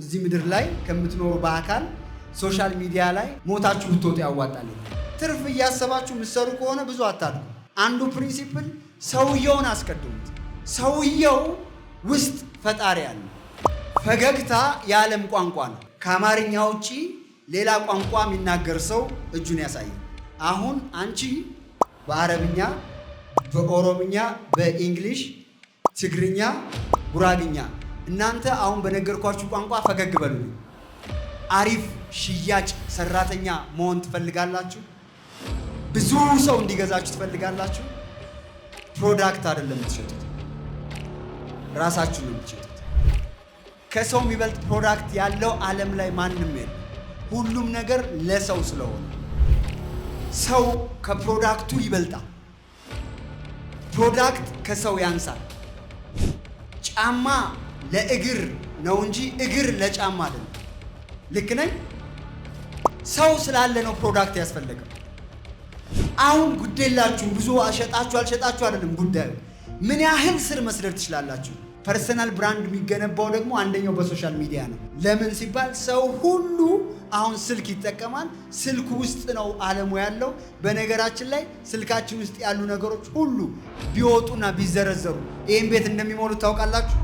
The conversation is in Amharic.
እዚህ ምድር ላይ ከምትኖሩ በአካል ሶሻል ሚዲያ ላይ ሞታችሁ ብትወጡ ያዋጣል። ትርፍ እያሰባችሁ ምሰሩ ከሆነ ብዙ አታሉ። አንዱ ፕሪንሲፕል ሰውየውን አስቀድሙት። ሰውየው ውስጥ ፈጣሪ አለ። ፈገግታ የዓለም ቋንቋ ነው። ከአማርኛ ውጪ ሌላ ቋንቋ የሚናገር ሰው እጁን ያሳያል። አሁን አንቺ በአረብኛ፣ በኦሮምኛ፣ በኢንግሊሽ፣ ትግርኛ፣ ጉራግኛ እናንተ አሁን በነገርኳችሁ ቋንቋ ፈገግ በሉ። አሪፍ ሽያጭ ሰራተኛ መሆን ትፈልጋላችሁ? ብዙ ሰው እንዲገዛችሁ ትፈልጋላችሁ? ፕሮዳክት አይደለም የምትሸጡት፣ ራሳችሁን ነው የምትሸጡት። ከሰው የሚበልጥ ፕሮዳክት ያለው ዓለም ላይ ማንም የለም። ሁሉም ነገር ለሰው ስለሆነ ሰው ከፕሮዳክቱ ይበልጣል። ፕሮዳክት ከሰው ያንሳል። ጫማ ለእግር ነው እንጂ እግር ለጫማ አይደለም። ልክ ነኝ። ሰው ስላለ ነው ፕሮዳክት ያስፈለገው። አሁን ጉዴላችሁ ብዙ አሸጣችሁ አልሸጣችሁ አይደለም ጉዳዩ፣ ምን ያህል ስር መስደድ ትችላላችሁ። ፐርሰናል ብራንድ የሚገነባው ደግሞ አንደኛው በሶሻል ሚዲያ ነው። ለምን ሲባል ሰው ሁሉ አሁን ስልክ ይጠቀማል። ስልክ ውስጥ ነው አለሙ ያለው። በነገራችን ላይ ስልካችን ውስጥ ያሉ ነገሮች ሁሉ ቢወጡና ቢዘረዘሩ ይህን ቤት እንደሚሞሉት ታውቃላችሁ።